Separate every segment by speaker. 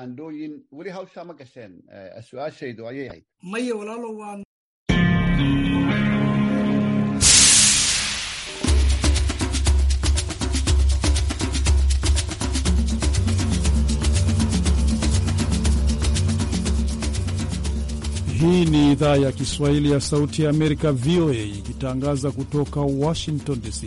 Speaker 1: Andooyin weli hawshaa eh, ma gasheen su-aashaydu ayay ahayd maya walaalo waan
Speaker 2: Hii ni idhaa ya Kiswahili ya Sauti ya Amerika, VOA, ikitangaza kutoka Washington DC.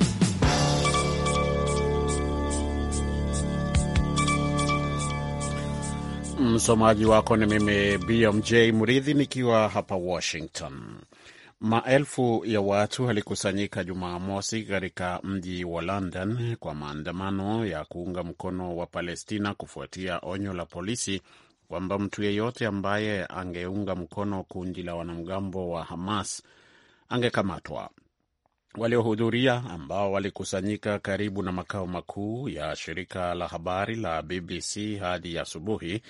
Speaker 1: Msomaji wako ni mimi BMJ Mridhi nikiwa hapa Washington. Maelfu ya watu walikusanyika Jumamosi katika mji wa London kwa maandamano ya kuunga mkono wa Palestina kufuatia onyo la polisi kwamba mtu yeyote ambaye angeunga mkono kundi la wanamgambo wa Hamas angekamatwa. Waliohudhuria ambao walikusanyika karibu na makao makuu ya shirika la habari la BBC hadi asubuhi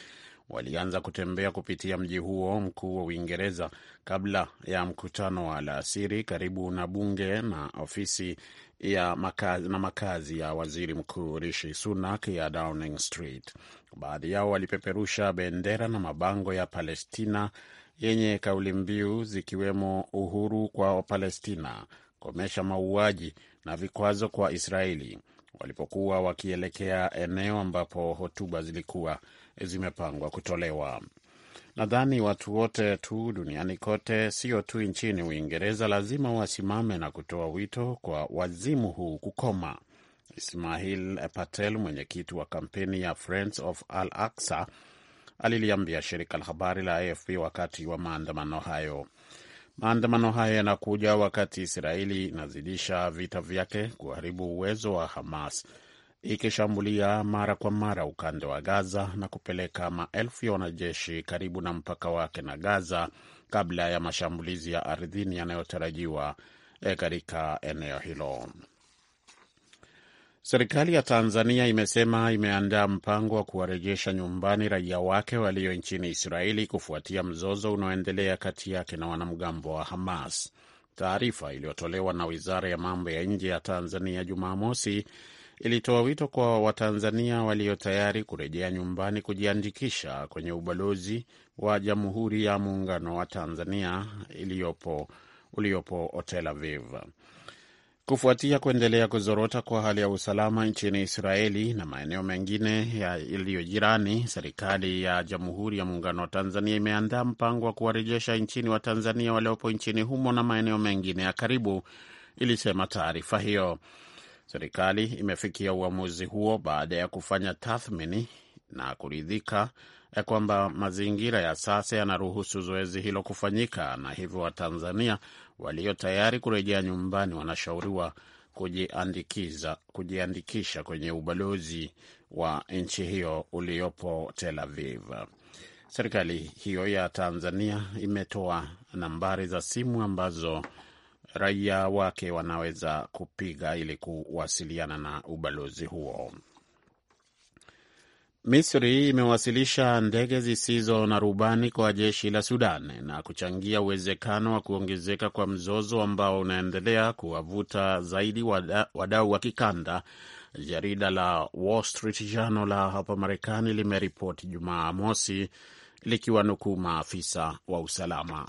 Speaker 1: walianza kutembea kupitia mji huo mkuu wa Uingereza kabla ya mkutano wa alasiri karibu na bunge na ofisi ya makazi, na makazi ya waziri mkuu Rishi Sunak ya Downing Street. Baadhi yao walipeperusha bendera na mabango ya Palestina yenye kauli mbiu zikiwemo uhuru kwa Wapalestina, komesha mauaji na vikwazo kwa Israeli, walipokuwa wakielekea eneo ambapo hotuba zilikuwa zimepangwa kutolewa. Nadhani watu wote tu duniani kote, sio tu nchini Uingereza, lazima wasimame na kutoa wito kwa wazimu huu kukoma. Ismail Patel, mwenyekiti wa kampeni ya Friends of Al Aksa, aliliambia shirika la habari la AFP wakati wa maandamano hayo. Maandamano haya yanakuja wakati Israeli inazidisha vita vyake kuharibu uwezo wa Hamas ikishambulia mara kwa mara ukanda wa Gaza na kupeleka maelfu ya wanajeshi karibu na mpaka wake na Gaza kabla ya mashambulizi ya ardhini yanayotarajiwa eh, katika eneo hilo. Serikali ya Tanzania imesema imeandaa mpango wa kuwarejesha nyumbani raia wake walio nchini Israeli kufuatia mzozo unaoendelea kati yake na wanamgambo wa Hamas. Taarifa iliyotolewa na Wizara ya Mambo ya Nje ya Tanzania Jumamosi ilitoa wito kwa Watanzania walio tayari kurejea nyumbani kujiandikisha kwenye ubalozi wa Jamhuri ya Muungano wa Tanzania iliyopo uliopo Tel Aviv. Kufuatia kuendelea kuzorota kwa hali ya usalama nchini Israeli na maeneo mengine yaliyo jirani, serikali ya Jamhuri ya Muungano wa Tanzania imeandaa mpango wa kuwarejesha nchini Watanzania waliopo nchini humo na maeneo mengine ya karibu, ilisema taarifa hiyo. Serikali imefikia uamuzi huo baada ya kufanya tathmini na kuridhika ya kwamba mazingira ya sasa yanaruhusu zoezi hilo kufanyika, na hivyo Watanzania walio tayari kurejea nyumbani wanashauriwa kujiandikiza kujiandikisha kwenye ubalozi wa nchi hiyo uliopo Tel Aviv. Serikali hiyo ya Tanzania imetoa nambari za simu ambazo raia wake wanaweza kupiga ili kuwasiliana na ubalozi huo. Misri imewasilisha ndege zisizo na rubani kwa jeshi la Sudan na kuchangia uwezekano wa kuongezeka kwa mzozo ambao unaendelea kuwavuta zaidi wadau wa kikanda. Jarida la Wall Street Journal la hapa Marekani limeripoti Jumaa mosi likiwanukuu maafisa wa usalama.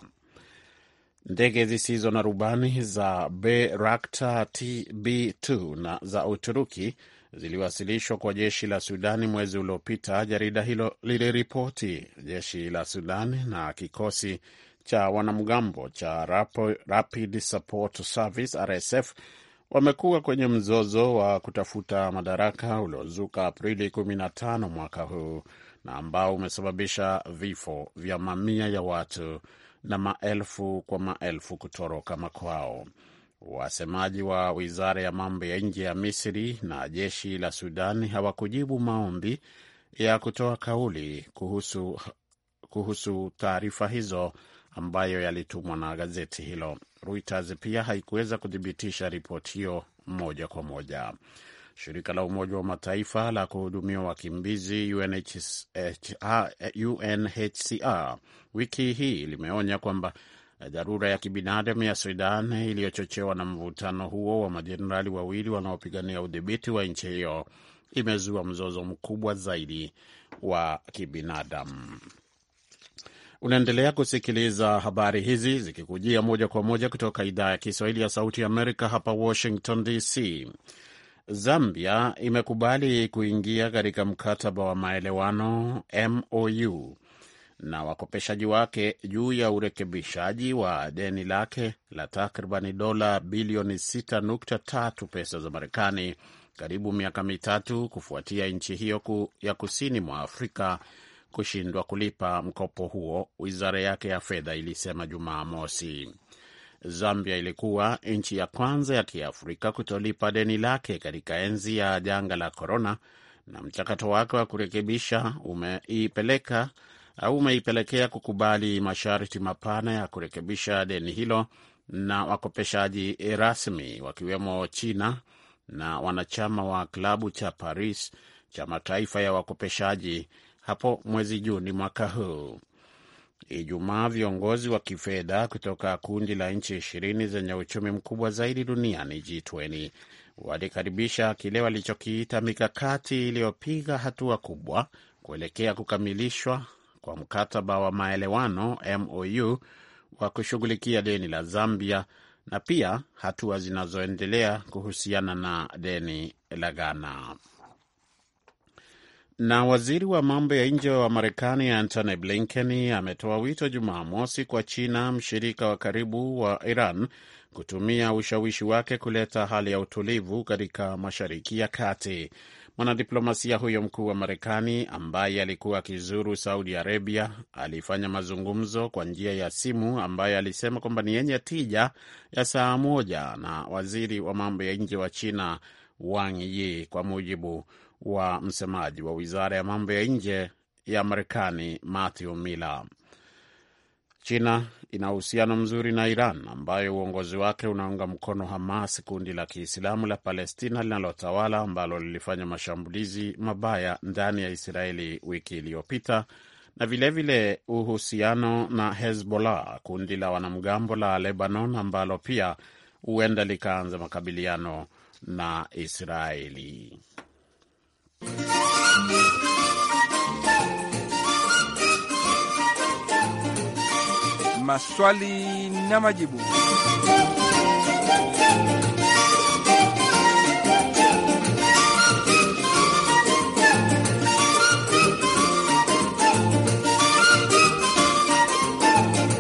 Speaker 1: Ndege zisizo na rubani za Bayraktar TB2 na za Uturuki ziliwasilishwa kwa jeshi la Sudani mwezi uliopita, jarida hilo liliripoti. Jeshi la Sudani na kikosi cha wanamgambo cha Rapid Support Service RSF wamekuwa kwenye mzozo wa kutafuta madaraka uliozuka Aprili 15 mwaka huu na ambao umesababisha vifo vya mamia ya watu na maelfu kwa maelfu kutoroka makwao. Wasemaji wa wizara ya mambo ya nje ya Misri na jeshi la Sudan hawakujibu maombi ya kutoa kauli kuhusu, kuhusu taarifa hizo ambayo yalitumwa na gazeti hilo. Reuters pia haikuweza kuthibitisha ripoti hiyo moja kwa moja. Shirika la Umoja wa Mataifa la kuhudumia wakimbizi UNHCR wiki hii limeonya kwamba dharura ya kibinadamu ya Sudan iliyochochewa na mvutano huo wa majenerali wawili wanaopigania udhibiti wa nchi hiyo imezua mzozo mkubwa zaidi wa kibinadamu. Unaendelea kusikiliza habari hizi zikikujia moja kwa moja kutoka idhaa ya Kiswahili ya Sauti ya Amerika hapa Washington DC. Zambia imekubali kuingia katika mkataba wa maelewano MOU na wakopeshaji wake juu ya urekebishaji wa deni lake la takribani dola bilioni 6.3 pesa za Marekani, karibu miaka mitatu kufuatia nchi hiyo ku ya kusini mwa Afrika kushindwa kulipa mkopo huo, wizara yake ya fedha ilisema Jumaa mosi. Zambia ilikuwa nchi ya kwanza ya Kiafrika kutolipa deni lake katika enzi ya janga la korona, na mchakato wake wa kurekebisha umeipeleka au umeipelekea kukubali masharti mapana ya kurekebisha deni hilo na wakopeshaji rasmi wakiwemo China na wanachama wa klabu cha Paris cha mataifa ya wakopeshaji hapo mwezi Juni mwaka huu. Ijumaa viongozi wa kifedha kutoka kundi la nchi ishirini zenye uchumi mkubwa zaidi duniani G20 walikaribisha kile walichokiita mikakati iliyopiga hatua kubwa kuelekea kukamilishwa kwa mkataba wa maelewano MOU wa kushughulikia deni la Zambia na pia hatua zinazoendelea kuhusiana na deni la Ghana. Na waziri wa mambo ya nje wa Marekani Antony Blinken ametoa wito Jumamosi kwa China, mshirika wa karibu wa Iran, kutumia ushawishi wake kuleta hali ya utulivu katika Mashariki ya Kati. Mwanadiplomasia huyo mkuu wa Marekani ambaye alikuwa akizuru Saudi Arabia alifanya mazungumzo kwa njia ya simu ambayo alisema kwamba ni yenye tija ya saa moja na waziri wa mambo ya nje wa China Wang Yi, kwa mujibu wa msemaji wa wizara ya mambo ya nje ya Marekani Matthew Miller. China ina uhusiano mzuri na Iran ambayo uongozi wake unaunga mkono Hamas, kundi la Kiislamu la Palestina linalotawala ambalo lilifanya mashambulizi mabaya ndani ya Israeli wiki iliyopita, na vilevile vile uhusiano na Hezbollah, kundi la wanamgambo la Lebanon ambalo pia huenda likaanza makabiliano na Israeli.
Speaker 3: Maswali na majibu.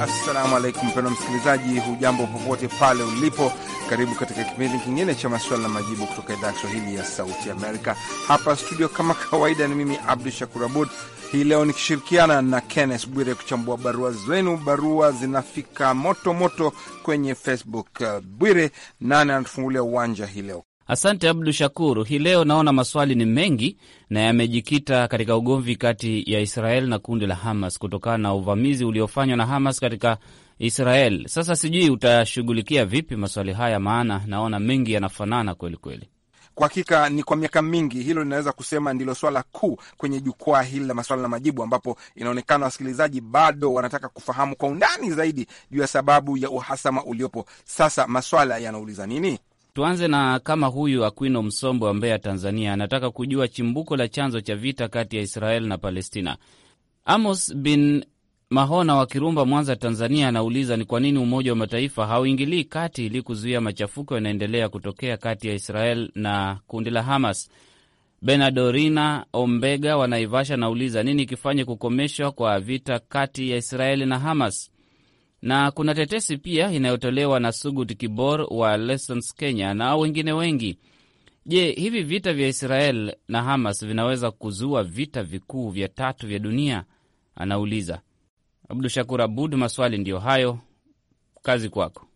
Speaker 3: Assalamu alaikum, mpendwa msikilizaji, hujambo popote pale ulipo karibu katika kipindi kingine cha maswala na majibu kutoka idhaa ya Kiswahili ya Sauti Amerika hapa studio, kama kawaida. Ni mimi Abdu Shakur Abud, hii leo nikishirikiana na Kenneth Bwire kuchambua barua zenu. Barua zinafika moto moto kwenye Facebook. Uh, Bwire, nani anatufungulia uwanja hii leo?
Speaker 4: Asante Abdu shakur Hii leo naona maswali ni mengi na yamejikita katika ugomvi kati ya Israel na kundi la Hamas kutokana na uvamizi uliofanywa na Hamas katika Israel. Sasa sijui utashughulikia vipi maswali haya, maana naona mengi yanafanana kweli kweli.
Speaker 3: Kwa hakika ni kwa miaka mingi, hilo linaweza kusema ndilo swala kuu kwenye jukwaa hili la maswala na majibu, ambapo inaonekana wasikilizaji bado wanataka kufahamu kwa undani zaidi juu ya sababu ya uhasama uliopo sasa. Maswala yanauliza nini?
Speaker 4: Tuanze na kama huyu Akwino Msombo wa Mbeya, Tanzania, anataka kujua chimbuko la chanzo cha vita kati ya Israel na Palestina. Amos bin Mahona wa Kirumba, Mwanza, Tanzania, anauliza ni kwa nini Umoja wa Mataifa hauingilii kati ili kuzuia machafuko yanaendelea kutokea kati ya Israel na kundi la Hamas. Benadorina Ombega wa Naivasha anauliza nini kifanye kukomeshwa kwa vita kati ya Israeli na Hamas. Na kuna tetesi pia inayotolewa na Sugut Kibor wa Lessons Kenya na wengine wengi. Je, hivi vita vya Israel na Hamas vinaweza kuzua vita vikuu vya tatu vya dunia? Anauliza. Abdu Shakur Abud, maswali ndiyo hayo,
Speaker 3: kazi kwako.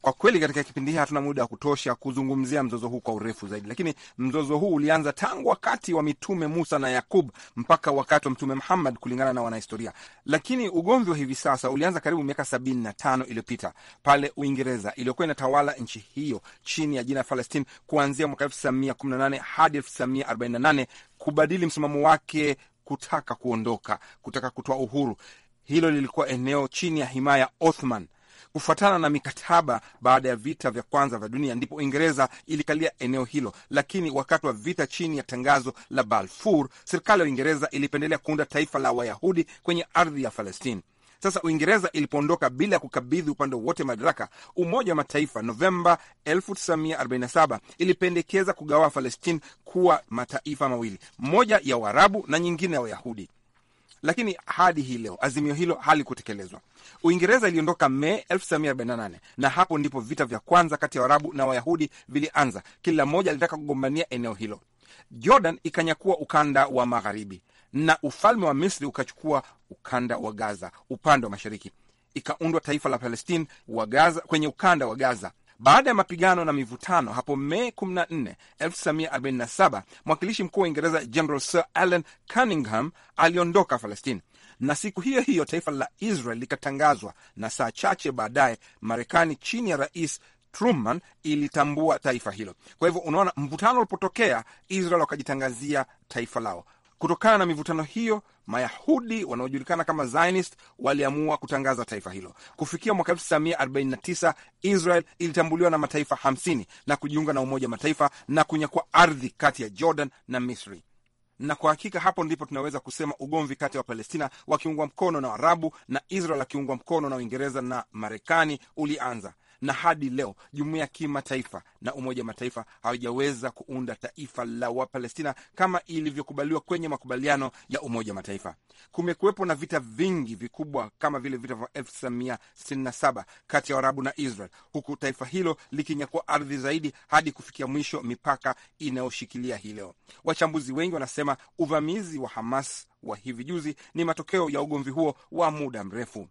Speaker 3: Kwa kweli katika kipindi hii hatuna muda wa kutosha kuzungumzia mzozo huu kwa urefu zaidi, lakini mzozo huu ulianza tangu wakati wa mitume Musa na Yakub mpaka wakati wa Mtume Muhammad kulingana na wanahistoria. Lakini ugomvi wa hivi sasa ulianza karibu miaka sabini na tano iliyopita pale Uingereza iliyokuwa inatawala nchi hiyo chini ya jina Palestine kuanzia mwaka 1918 hadi 1948 kubadili msimamo wake, kutaka kuondoka, kutaka kutoa uhuru hilo lilikuwa eneo chini ya himaya Othman. Kufuatana na mikataba baada ya vita vya kwanza vya dunia, ndipo Uingereza ilikalia eneo hilo, lakini wakati wa vita chini ya tangazo la Balfour, serikali ya Uingereza ilipendelea kuunda taifa la Wayahudi kwenye ardhi ya Palestini. Sasa Uingereza ilipoondoka bila ya kukabidhi upande wote madaraka, Umoja wa Mataifa Novemba 1947 ilipendekeza kugawa Palestine kuwa mataifa mawili, moja ya Waarabu na nyingine ya Wayahudi lakini hadi hii leo azimio hilo halikutekelezwa. Uingereza iliondoka Mei 1948 na hapo ndipo vita vya kwanza kati ya Waarabu na Wayahudi vilianza. Kila mmoja alitaka kugombania eneo hilo. Jordan ikanyakua ukanda wa magharibi na ufalme wa Misri ukachukua ukanda wa Gaza upande wa mashariki. Ikaundwa taifa la Palestine wa Gaza, kwenye ukanda wa Gaza baada ya mapigano na mivutano hapo Mei 14, 1947 mwakilishi mkuu wa Uingereza General Sir Alan Cunningham aliondoka falestini na siku hiyo hiyo taifa la Israel likatangazwa, na saa chache baadaye Marekani chini ya rais Truman ilitambua taifa hilo. Kwa hivyo unaona, mvutano ulipotokea, Israel wakajitangazia taifa lao. Kutokana na mivutano hiyo Mayahudi wanaojulikana kama Zionist waliamua kutangaza taifa hilo. Kufikia mwaka 1949 Israel ilitambuliwa na mataifa 50 na kujiunga na Umoja wa Mataifa na kunyakua ardhi kati ya Jordan na Misri na kwa hakika hapo ndipo tunaweza kusema ugomvi kati ya wa Wapalestina wakiungwa mkono na Waarabu na Israel akiungwa mkono na Uingereza na Marekani ulianza na hadi leo jumuiya ya kimataifa na Umoja wa Mataifa hawajaweza kuunda taifa la Wapalestina kama ilivyokubaliwa kwenye makubaliano ya Umoja wa Mataifa. Kumekuwepo na vita vingi vikubwa kama vile vita vya 1967 kati ya Waarabu na Israel, huku taifa hilo likinyakua ardhi zaidi hadi kufikia mwisho mipaka inayoshikilia hii leo. Wachambuzi wengi wanasema uvamizi wa Hamas wa hivi juzi ni matokeo ya ugomvi huo wa muda mrefu.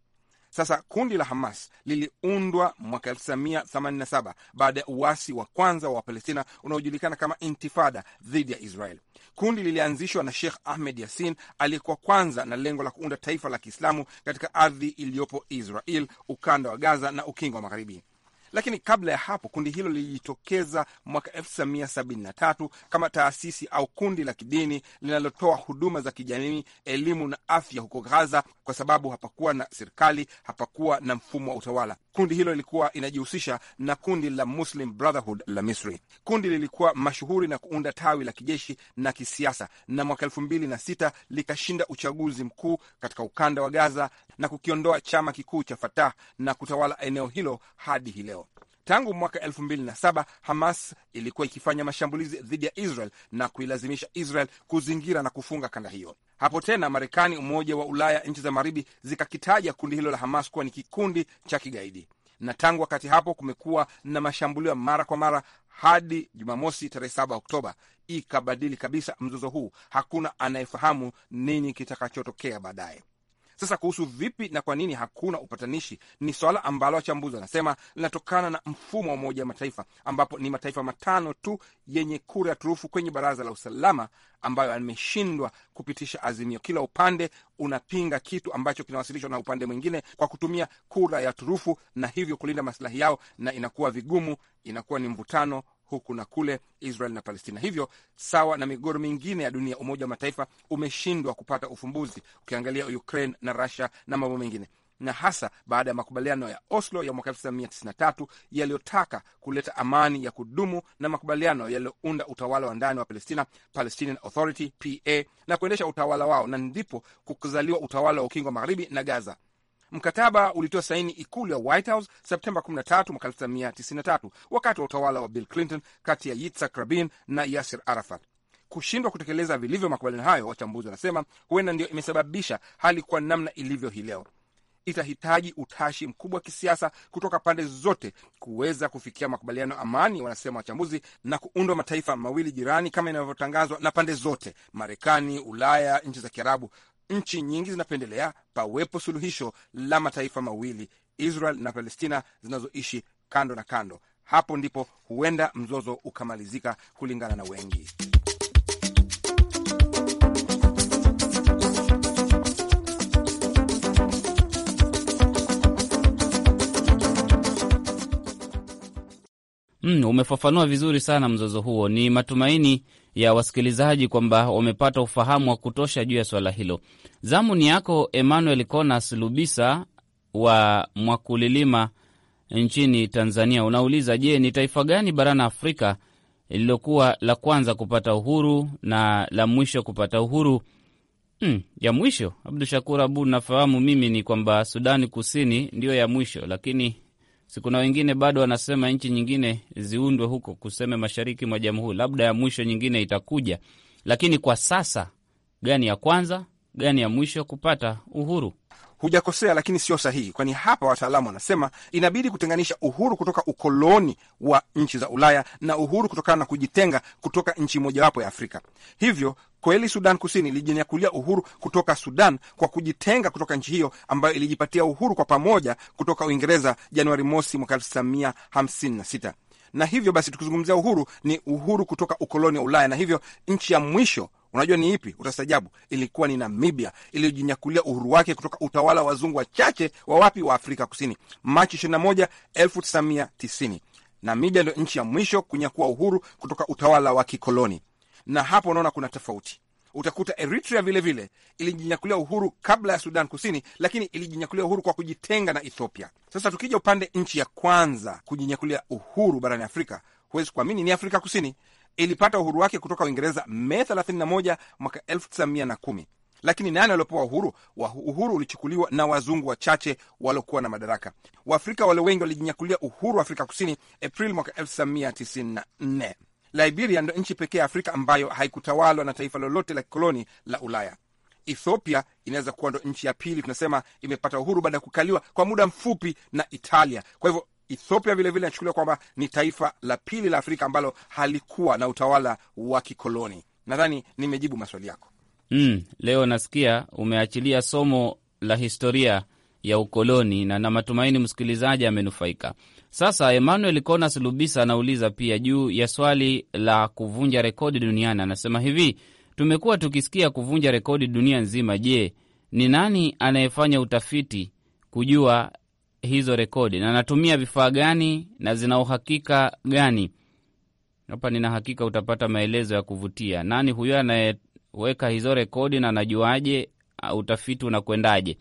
Speaker 3: Sasa kundi la Hamas liliundwa mwaka 1987 baada ya uasi wa kwanza wa Wapalestina unaojulikana kama Intifada dhidi ya Israel. Kundi lilianzishwa na Sheikh Ahmed Yasin aliyekuwa kwanza na lengo la kuunda taifa la Kiislamu katika ardhi iliyopo Israel, ukanda wa Gaza na ukingo wa Magharibi. Lakini kabla ya hapo kundi hilo lilijitokeza mwaka 1973 kama taasisi au kundi la kidini linalotoa huduma za kijamii, elimu na afya huko Gaza, kwa sababu hapakuwa na serikali, hapakuwa na mfumo wa utawala. Kundi hilo lilikuwa inajihusisha na kundi la Muslim Brotherhood la Misri. Kundi lilikuwa mashuhuri na kuunda tawi la kijeshi na kisiasa, na mwaka elfu mbili na sita likashinda uchaguzi mkuu katika ukanda wa Gaza na kukiondoa chama kikuu cha Fatah na kutawala eneo hilo hadi hileo leo leo. Tangu mwaka elfu mbili na saba Hamas ilikuwa ikifanya mashambulizi dhidi ya Israel na kuilazimisha Israel kuzingira na kufunga kanda hiyo. Hapo tena Marekani, Umoja wa Ulaya, nchi za Magharibi zikakitaja kundi hilo la Hamas kuwa ni kikundi cha kigaidi, na tangu wakati hapo kumekuwa na mashambulio mara kwa mara hadi Jumamosi tarehe 7 Oktoba ikabadili kabisa mzozo huu. Hakuna anayefahamu nini kitakachotokea baadaye. Sasa kuhusu vipi na kwa nini hakuna upatanishi, ni swala ambalo wachambuzi wanasema linatokana na mfumo wa Umoja wa Mataifa ambapo ni mataifa matano tu yenye kura ya turufu kwenye Baraza la Usalama ambayo ameshindwa kupitisha azimio. Kila upande unapinga kitu ambacho kinawasilishwa na upande mwingine kwa kutumia kura ya turufu, na hivyo kulinda masilahi yao, na inakuwa vigumu, inakuwa ni mvutano huku na kule Israel na Palestina. Hivyo sawa na migogoro mingine ya dunia, Umoja wa Mataifa umeshindwa kupata ufumbuzi, ukiangalia Ukraine na Russia na mambo mengine na hasa baada ya makubaliano ya Oslo ya mwaka 1993 yaliyotaka kuleta amani ya kudumu na makubaliano yaliyounda utawala wa ndani wa Palestina, Palestinian Authority PA, na kuendesha utawala wao, na ndipo kukuzaliwa utawala wa Ukingo wa Magharibi na Gaza. Mkataba ulitoa saini ikulu ya White House Septemba 13 1993 wakati wa utawala wa Bill Clinton, kati ya Yitzhak Rabin na Yasir Arafat. Kushindwa kutekeleza vilivyo makubaliano hayo, wachambuzi wanasema huenda ndio imesababisha hali kwa namna ilivyo hii leo. Itahitaji utashi mkubwa wa kisiasa kutoka pande zote kuweza kufikia makubaliano amani, wanasema wachambuzi, na kuundwa mataifa mawili jirani kama inavyotangazwa na pande zote, Marekani, Ulaya, nchi za Kiarabu nchi nyingi zinapendelea pawepo suluhisho la mataifa mawili, Israel na Palestina zinazoishi kando na kando. Hapo ndipo huenda mzozo ukamalizika, kulingana na wengi.
Speaker 4: Mm, umefafanua vizuri sana mzozo huo. Ni matumaini ya wasikilizaji kwamba wamepata ufahamu wa kutosha juu ya swala hilo. Zamu ni yako Emmanuel Conas Lubisa wa Mwakulilima nchini Tanzania. Unauliza, je, ni taifa gani barani Afrika lililokuwa la kwanza kupata uhuru na la mwisho kupata uhuru? Hmm, ya mwisho Abdu Shakur Abu, nafahamu mimi ni kwamba Sudani Kusini ndiyo ya mwisho, lakini si kuna wengine bado wanasema nchi nyingine ziundwe huko, kuseme mashariki mwa jamhuri, labda ya mwisho nyingine itakuja. Lakini kwa sasa gani ya kwanza, gani
Speaker 3: ya mwisho kupata uhuru? hujakosea, lakini sio sahihi, kwani hapa wataalamu wanasema inabidi kutenganisha uhuru kutoka ukoloni wa nchi za Ulaya na uhuru kutokana na kujitenga kutoka nchi mojawapo ya Afrika. Hivyo kweli Sudan Kusini ilijinyakulia uhuru kutoka Sudan kwa kujitenga kutoka nchi hiyo ambayo ilijipatia uhuru kwa pamoja kutoka Uingereza Januari mosi mwaka 1956 na hivyo basi tukizungumzia uhuru ni uhuru kutoka ukoloni wa Ulaya, na hivyo nchi ya mwisho Unajua ni ipi? Utastajabu, ilikuwa ni Namibia iliyojinyakulia uhuru wake kutoka utawala wa wazungu wachache wa wapi wa Afrika Kusini Machi 21, 1990. Namibia ndio nchi ya mwisho kunyakua uhuru kutoka utawala wa kikoloni, na hapo unaona kuna tofauti. Utakuta Eritrea vilevile ilijinyakulia uhuru kabla ya Sudan Kusini, lakini ilijinyakulia uhuru kwa kujitenga na Ethiopia. Sasa tukija upande, nchi ya kwanza kujinyakulia uhuru barani Afrika, huwezi kuamini, ni Afrika Kusini ilipata uhuru wake kutoka Uingereza Mei 31 mwaka 1910, lakini nani waliopewa uhuru? Uhuru ulichukuliwa na wazungu wachache waliokuwa na madaraka. Waafrika walio wengi walijinyakulia uhuru wa Afrika Kusini Aprili mwaka 1994. Liberia ndo nchi pekee ya Afrika ambayo haikutawalwa na taifa lolote la kikoloni la Ulaya. Ethiopia inaweza kuwa ndo nchi ya pili tunasema imepata uhuru baada ya kukaliwa kwa muda mfupi na Italia. Kwa hivyo Ethiopia vilevile nachukuliwa kwamba ni taifa la pili la Afrika ambalo halikuwa na utawala wa kikoloni. Nadhani nimejibu maswali yako.
Speaker 4: Mm, leo nasikia umeachilia somo la historia ya ukoloni na na matumaini msikilizaji amenufaika. Sasa Emmanuel Konas Lubisa anauliza pia juu ya swali la kuvunja rekodi duniani. Anasema hivi, tumekuwa tukisikia kuvunja rekodi dunia nzima. Je, ni nani anayefanya utafiti kujua hizo rekodi na anatumia vifaa gani na zina uhakika gani? Hapa nina hakika utapata maelezo ya kuvutia. Nani huyo anayeweka hizo rekodi na anajuaje? Uh, utafiti unakwendaje?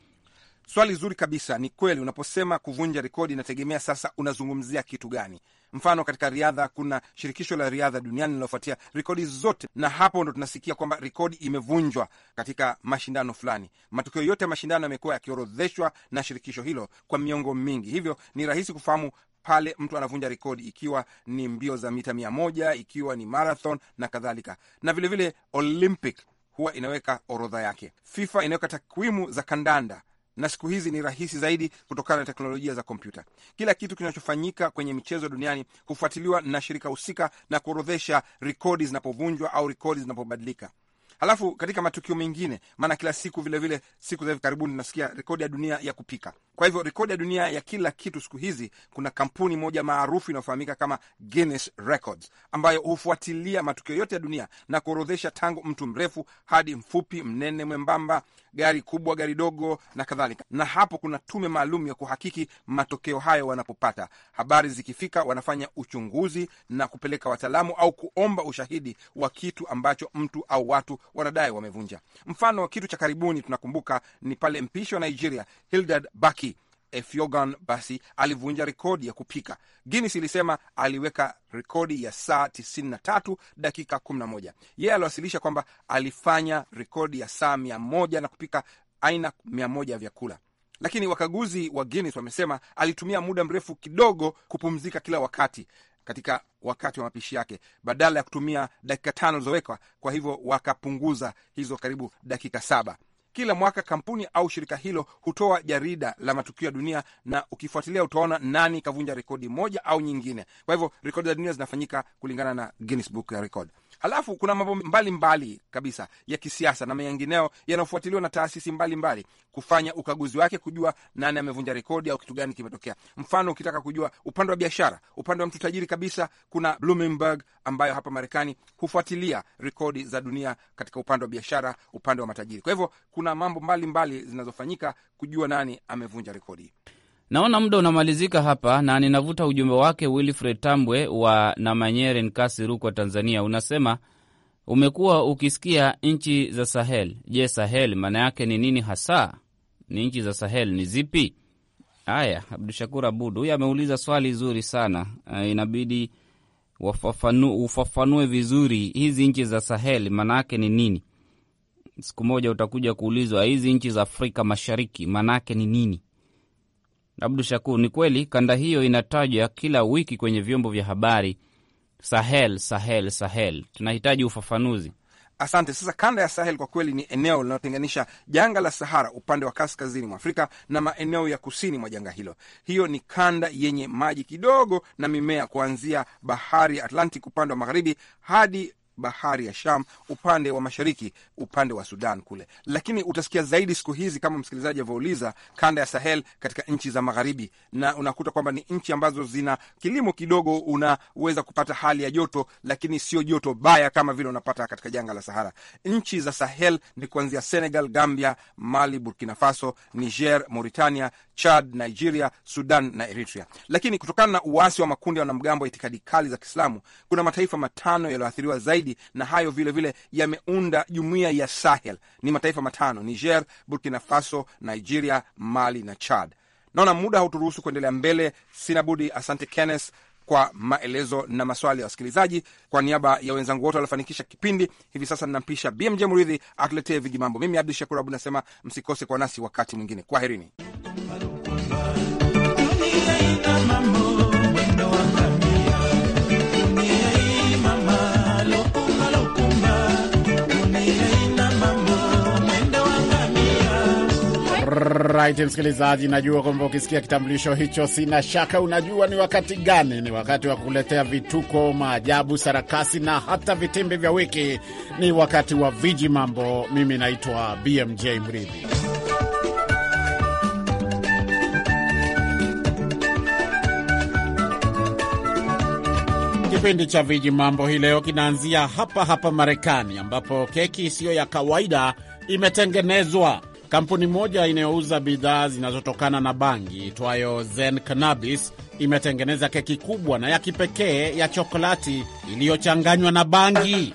Speaker 3: Swali zuri kabisa. Ni kweli unaposema kuvunja rekodi, inategemea sasa unazungumzia kitu gani. Mfano, katika riadha kuna shirikisho la riadha duniani linalofuatia rekodi zote, na hapo ndo tunasikia kwamba rekodi imevunjwa katika mashindano fulani. Matukio yote ya mashindano yamekuwa yakiorodheshwa na shirikisho hilo kwa miongo mingi, hivyo ni rahisi kufahamu pale mtu anavunja rekodi, ikiwa ni mbio za mita mia moja, ikiwa ni marathon na kadhalika, na vilevile Olympic huwa inaweka orodha yake. FIFA inaweka takwimu za kandanda na siku hizi ni rahisi zaidi kutokana na teknolojia za kompyuta. Kila kitu kinachofanyika kwenye michezo duniani hufuatiliwa na shirika husika na kuorodhesha rekodi zinapovunjwa au rekodi zinapobadilika. Halafu katika matukio mengine, maana kila siku vilevile vile, siku za hivi karibuni tunasikia rekodi ya dunia ya kupika. Kwa hivyo rekodi ya dunia ya kila kitu siku hizi, kuna kampuni moja maarufu inayofahamika kama Guinness Records ambayo hufuatilia matukio yote ya dunia na kuorodhesha tangu mtu mrefu hadi mfupi, mnene, mwembamba, gari kubwa, gari dogo na kadhalika. Na hapo kuna tume maalum ya kuhakiki matokeo hayo. Wanapopata habari zikifika, wanafanya uchunguzi na kupeleka wataalamu au kuomba ushahidi wa kitu ambacho mtu au watu wanadai wamevunja. Mfano, kitu cha karibuni tunakumbuka ni pale mpishi wa Nigeria Hildad Baki Efyogan basi alivunja rekodi ya kupika. Guinness ilisema aliweka rekodi ya saa tatu dakika kumi na moja Yeye aliwasilisha kwamba alifanya rekodi ya saa moja na kupika aina moja ya vyakula, lakini wakaguzi wa Guinness wamesema alitumia muda mrefu kidogo kupumzika kila wakati katika wakati wa mapishi yake badala ya kutumia dakika tano lizowekwa Kwa hivyo wakapunguza hizo karibu dakika saba. Kila mwaka kampuni au shirika hilo hutoa jarida la matukio ya dunia, na ukifuatilia utaona nani kavunja rekodi moja au nyingine. Kwa hivyo rekodi za dunia zinafanyika kulingana na Guinness Book ya Rekodi. Alafu kuna mambo mbalimbali kabisa ya kisiasa na mengineo yanayofuatiliwa na taasisi mbalimbali mbali, kufanya ukaguzi wake kujua nani amevunja rekodi au kitu gani kimetokea. Mfano, ukitaka kujua upande wa biashara, upande wa mtu tajiri kabisa, kuna Bloomberg ambayo hapa Marekani hufuatilia rekodi za dunia katika upande wa biashara, upande wa matajiri. Kwa hivyo kuna mambo mbalimbali zinazofanyika kujua nani amevunja rekodi.
Speaker 4: Naona muda unamalizika hapa na ninavuta ujumbe wake. Wilfred Tambwe wa Namanyere, Nkasi, Rukwa, Tanzania, unasema umekuwa ukisikia nchi za Sahel. Je, Sahel maana yake ni nini hasa? Ni nchi za Sahel ni zipi? Haya, Abdushakur Abud huyu ameuliza swali zuri sana. Uh, inabidi wafafanu, ufafanue vizuri hizi nchi za Sahel maana yake ni nini. Siku moja utakuja kuulizwa hizi nchi za Afrika Mashariki maana yake ni nini. Abdu Shakur, ni kweli kanda hiyo inatajwa kila wiki kwenye vyombo vya habari, Sahel, Sahel, Sahel. Tunahitaji ufafanuzi.
Speaker 3: Asante. Sasa kanda ya Sahel kwa kweli ni eneo linalotenganisha janga la Sahara upande wa kaskazini mwa Afrika na maeneo ya kusini mwa janga hilo. Hiyo ni kanda yenye maji kidogo na mimea kuanzia bahari ya Atlantic upande wa magharibi hadi bahari ya Sham upande wa mashariki, upande wa Sudan kule. Lakini utasikia zaidi siku hizi, kama msikilizaji avyouliza, kanda ya Sahel katika nchi za magharibi, na unakuta kwamba ni nchi ambazo zina kilimo kidogo, unaweza kupata hali ya joto, lakini sio joto baya kama vile unapata katika janga la Sahara. Nchi za Sahel ni kuanzia Senegal, Gambia, Mali, Burkina Faso, Niger, Mauritania, Chad, Nigeria, Sudan na Eritrea. Lakini kutokana na uasi wa makundi ya wanamgambo wa itikadi kali za Kiislamu, kuna mataifa matano yaliyoathiriwa zaidi zaidi, na hayo vilevile yameunda jumuiya ya Sahel. Ni mataifa matano: Niger, Burkina Faso, Nigeria, Mali na Chad. Naona muda hauturuhusu kuendelea mbele, sina budi. Asante Kenneth kwa maelezo na maswali ya wasikilizaji. Kwa niaba ya wenzangu wote waliofanikisha kipindi hivi sasa, ninampisha BMJ Muridhi atuletee vijimambo. Mimi Abdu Shakur Abu nasema msikose kwa nasi wakati mwingine. Kwaherini.
Speaker 1: Right, msikilizaji, najua kwamba ukisikia kitambulisho hicho, sina shaka unajua ni wakati gani. Ni wakati wa kuletea vituko, maajabu, sarakasi na hata vitimbi vya wiki. Ni wakati wa viji mambo. Mimi naitwa BMJ Mridhi. Kipindi cha viji mambo hii leo kinaanzia hapa hapa Marekani, ambapo keki isiyo ya kawaida imetengenezwa Kampuni moja inayouza bidhaa zinazotokana na bangi itwayo Zen Cannabis imetengeneza keki kubwa na ya kipekee ya chokolati iliyochanganywa na bangi.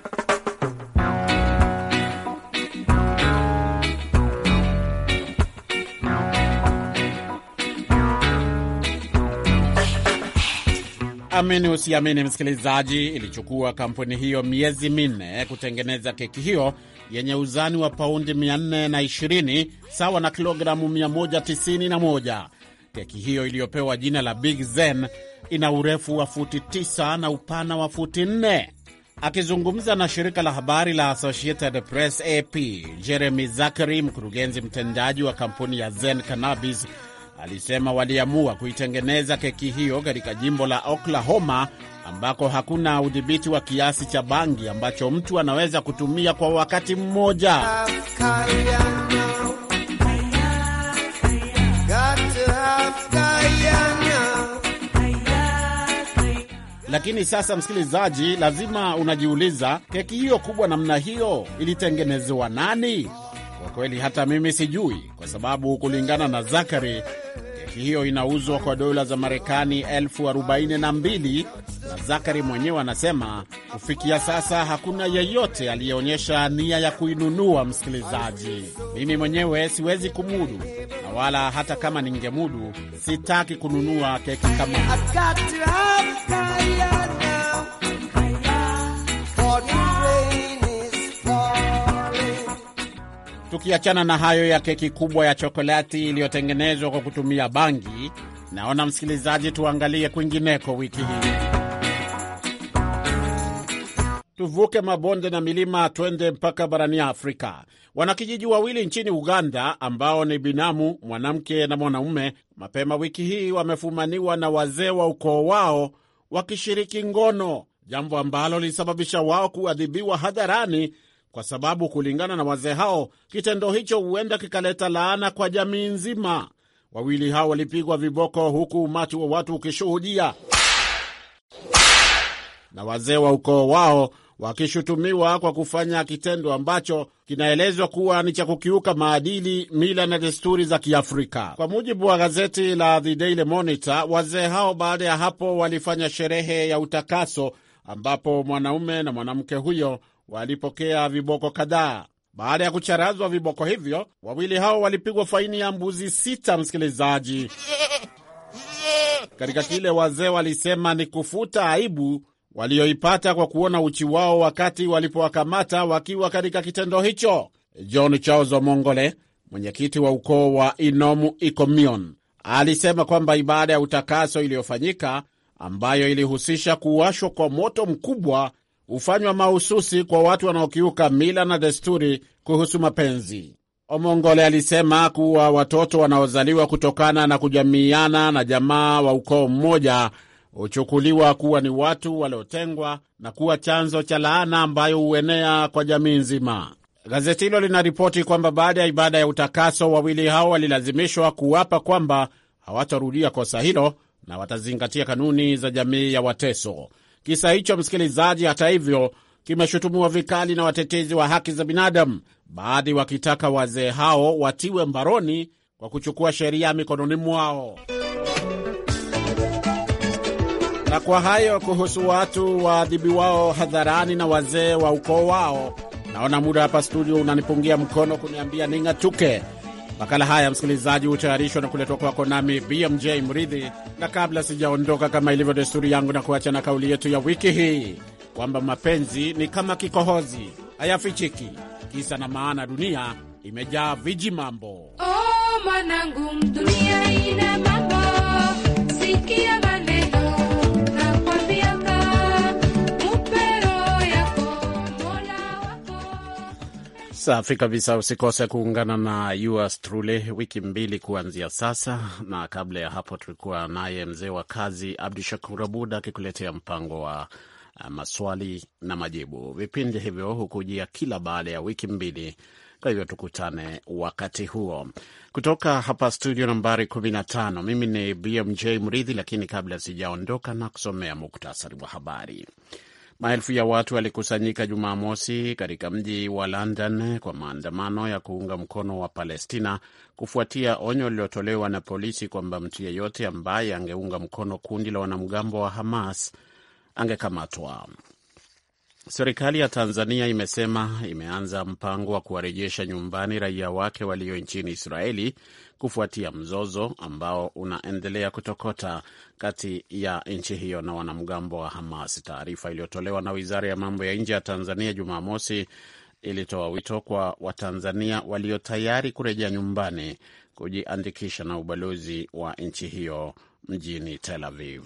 Speaker 1: Amini usiamini, msikilizaji, ilichukua kampuni hiyo miezi minne kutengeneza keki hiyo yenye uzani wa paundi 420 sawa na kilogramu 191. Keki hiyo iliyopewa jina la Big Zen ina urefu wa futi 9 na upana wa futi 4. Akizungumza na shirika la habari la Associated Press AP, Jeremy Zachary, mkurugenzi mtendaji wa kampuni ya Zen Cannabis alisema waliamua kuitengeneza keki hiyo katika jimbo la Oklahoma ambako hakuna udhibiti wa kiasi cha bangi ambacho mtu anaweza kutumia kwa wakati mmoja. Lakini sasa, msikilizaji, lazima unajiuliza keki hiyo kubwa namna hiyo ilitengenezewa nani? kweli hata mimi sijui, kwa sababu kulingana na Zakari, keki hiyo inauzwa kwa dola za Marekani elfu arobaini na mbili na Zakari mwenyewe anasema kufikia sasa hakuna yeyote aliyeonyesha nia ya kuinunua. Msikilizaji, mimi mwenyewe siwezi kumudu, na wala hata kama ningemudu, sitaki kununua keki kama Tukiachana na hayo ya keki kubwa ya chokolati iliyotengenezwa kwa kutumia bangi, naona msikilizaji, tuangalie kwingineko wiki hii. Tuvuke mabonde na milima, twende mpaka barani Afrika. Wanakijiji wawili nchini Uganda ambao ni binamu, mwanamke na mwanaume, mapema wiki hii wamefumaniwa na wazee wa ukoo wao wakishiriki ngono, jambo ambalo lilisababisha wao kuadhibiwa hadharani kwa sababu kulingana na wazee hao kitendo hicho huenda kikaleta laana kwa jamii nzima. Wawili hao walipigwa viboko, huku umati wa watu ukishuhudia na wazee wa ukoo wao wakishutumiwa kwa kufanya kitendo ambacho kinaelezwa kuwa ni cha kukiuka maadili, mila na desturi za Kiafrika. Kwa mujibu wa gazeti la The Daily Monitor, wazee hao baada ya hapo walifanya sherehe ya utakaso ambapo mwanaume na mwanamke huyo walipokea viboko kadhaa. Baada ya kucharazwa viboko hivyo, wawili hao walipigwa faini ya mbuzi sita, msikilizaji, katika kile wazee walisema ni kufuta aibu walioipata kwa kuona uchi wao wakati walipowakamata wakiwa katika kitendo hicho. John Charles Omongole, mwenyekiti wa ukoo wa Inomu Ikomion, alisema kwamba ibada ya utakaso iliyofanyika ambayo ilihusisha kuwashwa kwa moto mkubwa hufanywa mahususi kwa watu wanaokiuka mila na desturi kuhusu mapenzi. Omongole alisema kuwa watoto wanaozaliwa kutokana na kujamiana na jamaa wa ukoo mmoja huchukuliwa kuwa ni watu waliotengwa na kuwa chanzo cha laana ambayo huenea kwa jamii nzima. Gazeti hilo linaripoti kwamba baada ya ibada ya utakaso, wawili hao walilazimishwa kuapa kwamba hawatarudia kosa hilo na watazingatia kanuni za jamii ya Wateso. Kisa hicho, msikilizaji, hata hivyo, kimeshutumiwa vikali na watetezi wa haki za binadamu, baadhi wakitaka wazee hao watiwe mbaroni kwa kuchukua sheria mikononi mwao. Na kwa hayo kuhusu watu waadhibiwao hadharani na wazee wa ukoo wao, naona muda hapa studio unanipungia mkono kuniambia ning'atuke. Makala haya msikilizaji, hutayarishwa na kuletwa kwako nami BMJ Mridhi, na kabla sijaondoka, kama ilivyo desturi yangu, na kuacha na kauli yetu ya wiki hii kwamba mapenzi ni kama kikohozi, hayafichiki. Kisa na maana, dunia imejaa viji oh, mambo. Oh, Safi kabisa. Usikose kuungana na us truly wiki mbili kuanzia sasa, na kabla ya hapo tulikuwa naye mzee wa kazi Abdu Shakur Abud akikuletea mpango wa uh, maswali na majibu. Vipindi hivyo hukujia kila baada ya wiki mbili, kwa hivyo tukutane wakati huo. Kutoka hapa studio nambari 15, mimi ni BMJ Mridhi, lakini kabla sijaondoka na kusomea muktasari wa habari. Maelfu ya watu walikusanyika Jumamosi katika mji wa London kwa maandamano ya kuunga mkono wa Palestina kufuatia onyo lililotolewa na polisi kwamba mtu yeyote ambaye angeunga mkono kundi la wanamgambo wa Hamas angekamatwa. Serikali ya Tanzania imesema imeanza mpango wa kuwarejesha nyumbani raia wake walio nchini Israeli kufuatia mzozo ambao unaendelea kutokota kati ya nchi hiyo na wanamgambo wa Hamas. Taarifa iliyotolewa na wizara ya mambo ya nje ya Tanzania Jumamosi ilitoa wito kwa Watanzania walio tayari kurejea nyumbani kujiandikisha na ubalozi wa nchi hiyo mjini Tel Aviv.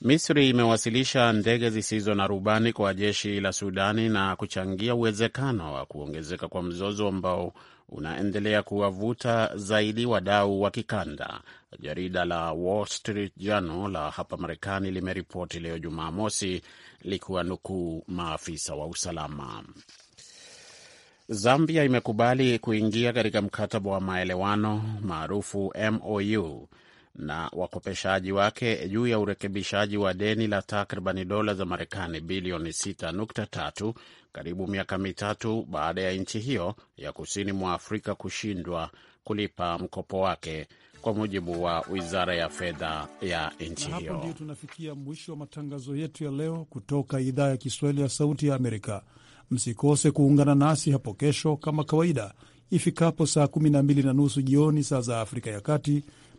Speaker 1: Misri imewasilisha ndege zisizo na rubani kwa jeshi la Sudani na kuchangia uwezekano wa kuongezeka kwa mzozo ambao unaendelea kuwavuta zaidi wadau wa kikanda. Jarida la Wall Street Journal la hapa Marekani limeripoti leo Jumamosi likiwa nukuu maafisa wa usalama. Zambia imekubali kuingia katika mkataba wa maelewano maarufu MOU na wakopeshaji wake juu ya urekebishaji wa deni la takribani dola za Marekani bilioni 6.3 karibu miaka mitatu baada ya nchi hiyo ya kusini mwa Afrika kushindwa kulipa mkopo wake kwa mujibu wa wizara ya fedha
Speaker 2: ya nchi hiyo. Hapo ndio tunafikia mwisho wa matangazo yetu ya leo kutoka idhaa ya Kiswahili ya Sauti ya Amerika. Msikose kuungana nasi hapo kesho kama kawaida ifikapo saa 12 na nusu jioni saa za Afrika ya Kati